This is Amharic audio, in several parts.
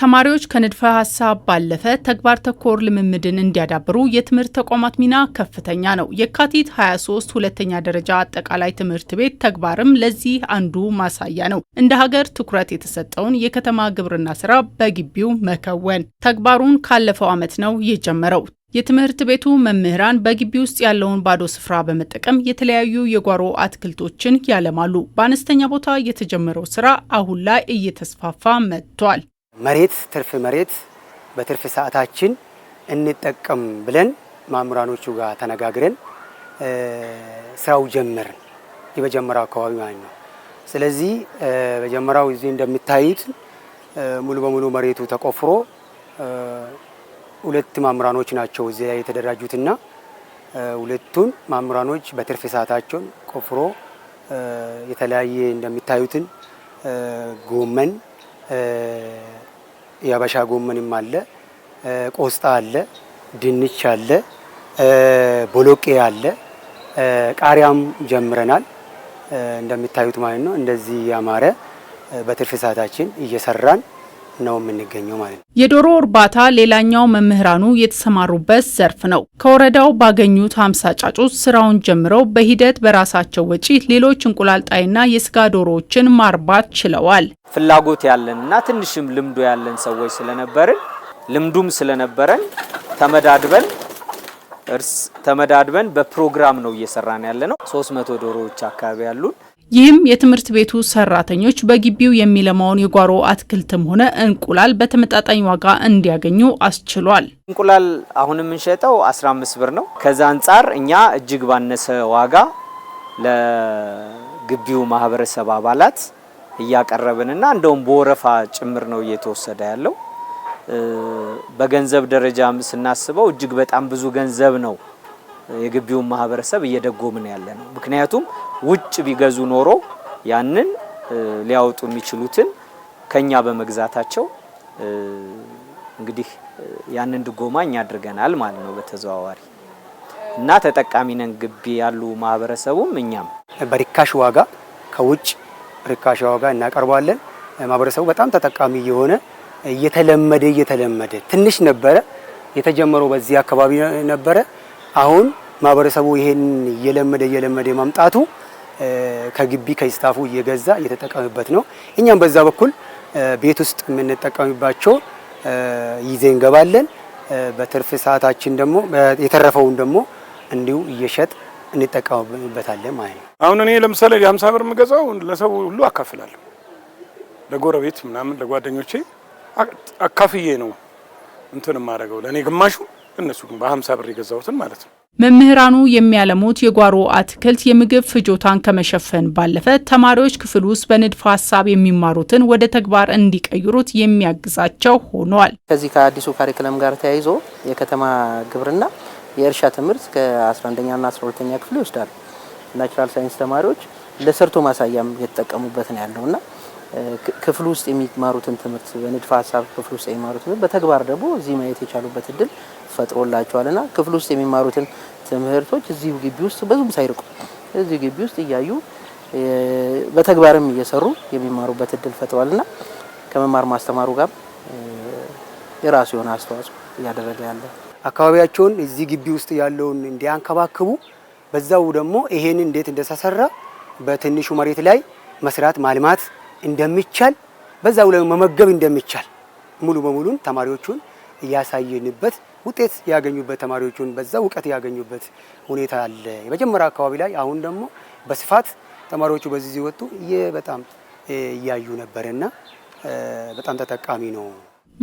ተማሪዎች ከንድፈ ሀሳብ ባለፈ ተግባር ተኮር ልምምድን እንዲያዳብሩ የትምህርት ተቋማት ሚና ከፍተኛ ነው። የካቲት 23 ሁለተኛ ደረጃ አጠቃላይ ትምህርት ቤት ተግባርም ለዚህ አንዱ ማሳያ ነው። እንደ ሀገር ትኩረት የተሰጠውን የከተማ ግብርና ስራ በግቢው መከወን ተግባሩን ካለፈው ዓመት ነው የጀመረው። የትምህርት ቤቱ መምህራን በግቢ ውስጥ ያለውን ባዶ ስፍራ በመጠቀም የተለያዩ የጓሮ አትክልቶችን ያለማሉ። በአነስተኛ ቦታ የተጀመረው ስራ አሁን ላይ እየተስፋፋ መጥቷል። መሬት ትርፍ መሬት በትርፍ ሰዓታችን እንጠቀም ብለን ማምራኖቹ ጋር ተነጋግረን ስራው ጀመርን። የመጀመሪያው አካባቢ ማለት ነው። ስለዚህ በጀመራው እዚህ እንደሚታዩት ሙሉ በሙሉ መሬቱ ተቆፍሮ ሁለት ማምራኖች ናቸው እዚህ ላይ የተደራጁትና ሁለቱን ማምራኖች በትርፍ ሰዓታቸውን ቆፍሮ የተለያየ እንደሚታዩትን ጎመን የአበሻ ጎመንም አለ፣ ቆስጣ አለ፣ ድንች አለ፣ ቦሎቄ አለ፣ ቃሪያም ጀምረናል። እንደሚታዩት ማለት ነው። እንደዚህ ያማረ በትርፍ ሰዓታችን እየሰራን ነው የምንገኘው ማለት ነው። የዶሮ እርባታ ሌላኛው መምህራኑ የተሰማሩበት ዘርፍ ነው። ከወረዳው ባገኙት ሀምሳ ጫጩት ስራውን ጀምረው በሂደት በራሳቸው ወጪ ሌሎች እንቁላል ጣይና የስጋ ዶሮዎችን ማርባት ችለዋል። ፍላጎት ያለን እና ትንሽም ልምዶ ያለን ሰዎች ስለነበርን ልምዱም ስለነበረን ተመዳድበን እርስ ተመዳድበን በፕሮግራም ነው እየሰራን ያለ ነው። 300 ዶሮዎች አካባቢ ያሉን ይህም የትምህርት ቤቱ ሰራተኞች በግቢው የሚለማውን የጓሮ አትክልትም ሆነ እንቁላል በተመጣጣኝ ዋጋ እንዲያገኙ አስችሏል። እንቁላል አሁን የምንሸጠው 15 ብር ነው። ከዛ አንጻር እኛ እጅግ ባነሰ ዋጋ ለግቢው ማህበረሰብ አባላት እያቀረብንና እንደውም በወረፋ ጭምር ነው እየተወሰደ ያለው። በገንዘብ ደረጃም ስናስበው እጅግ በጣም ብዙ ገንዘብ ነው የግቢውን ማህበረሰብ እየደጎምን ያለ ነው። ምክንያቱም ውጭ ቢገዙ ኖሮ ያንን ሊያወጡ የሚችሉትን ከኛ በመግዛታቸው እንግዲህ ያንን ድጎማ እኛ አድርገናል ማለት ነው በተዘዋዋሪ እና ተጠቃሚ ነን። ግቢ ያሉ ማህበረሰቡም እኛም በርካሽ ዋጋ ከውጭ ርካሽ ዋጋ እናቀርባለን። ማህበረሰቡ በጣም ተጠቃሚ የሆነ እየተለመደ እየተለመደ ትንሽ ነበረ የተጀመረው በዚህ አካባቢ ነበረ አሁን ማህበረሰቡ ይሄን እየለመደ እየለመደ ማምጣቱ ከግቢ ከስታፉ እየገዛ እየተጠቀምበት ነው። እኛም በዛ በኩል ቤት ውስጥ የምንጠቀምባቸው ይዘን እንገባለን። በትርፍ ሰዓታችን ደግሞ የተረፈውን ደግሞ እንዲሁ እየሸጥ እንጠቀምበታለን ማለት ነው። አሁን እኔ ለምሳሌ የሀምሳ ብር የምገዛው ለሰው ሁሉ አካፍላለሁ፣ ለጎረቤት ምናምን ለጓደኞቼ አካፍዬ ነው እንትን የማደርገው ለእኔ ግማሹ እነሱ በሀምሳ ብር የገዛሁትን ማለት ነው። መምህራኑ የሚያለሙት የጓሮ አትክልት የምግብ ፍጆታን ከመሸፈን ባለፈ ተማሪዎች ክፍል ውስጥ በንድፈ ሀሳብ የሚማሩትን ወደ ተግባር እንዲቀይሩት የሚያግዛቸው ሆኗል። ከዚህ ከአዲሱ ካሪክለም ጋር ተያይዞ የከተማ ግብርና የእርሻ ትምህርት ከ11ኛና 12ኛ ክፍል ይወስዳሉ። ናቹራል ሳይንስ ተማሪዎች ለሰርቶ ማሳያም የተጠቀሙበት ነው ያለውና ክፍል ውስጥ የሚማሩትን ትምህርት በንድፈ ሀሳብ ክፍል ውስጥ የሚማሩትን በተግባር ደግሞ እዚህ ማየት የቻሉበት እድል ፈጥሮላቸዋልና ክፍል ውስጥ የሚማሩትን ትምህርቶች እዚሁ ግቢ ውስጥ ብዙም ሳይርቁ እዚሁ ግቢ ውስጥ እያዩ በተግባርም እየሰሩ የሚማሩበት እድል ፈጥሯልና ከመማር ማስተማሩ ጋር የራሱ የሆነ አስተዋጽኦ እያደረገ ያለ አካባቢያቸውን እዚህ ግቢ ውስጥ ያለውን እንዲያንከባክቡ በዛው ደግሞ ይሄን እንዴት እንደተሰራ በትንሹ መሬት ላይ መስራት ማልማት እንደሚቻል በዛው ላይ መመገብ እንደሚቻል ሙሉ በሙሉን ተማሪዎቹን እያሳየንበት ውጤት ያገኙበት ተማሪዎቹን በዛ እውቀት ያገኙበት ሁኔታ አለ። የመጀመሪያ አካባቢ ላይ አሁን ደግሞ በስፋት ተማሪዎቹ በዚህ ሲወጡ በጣም እያዩ ነበርና በጣም ተጠቃሚ ነው።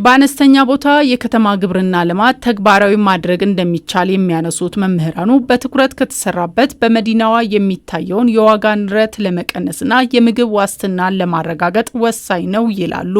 በአነስተኛ ቦታ የከተማ ግብርና ልማት ተግባራዊ ማድረግ እንደሚቻል የሚያነሱት መምህራኑ በትኩረት ከተሰራበት በመዲናዋ የሚታየውን የዋጋ ንረት ለመቀነስና የምግብ ዋስትናን ለማረጋገጥ ወሳኝ ነው ይላሉ።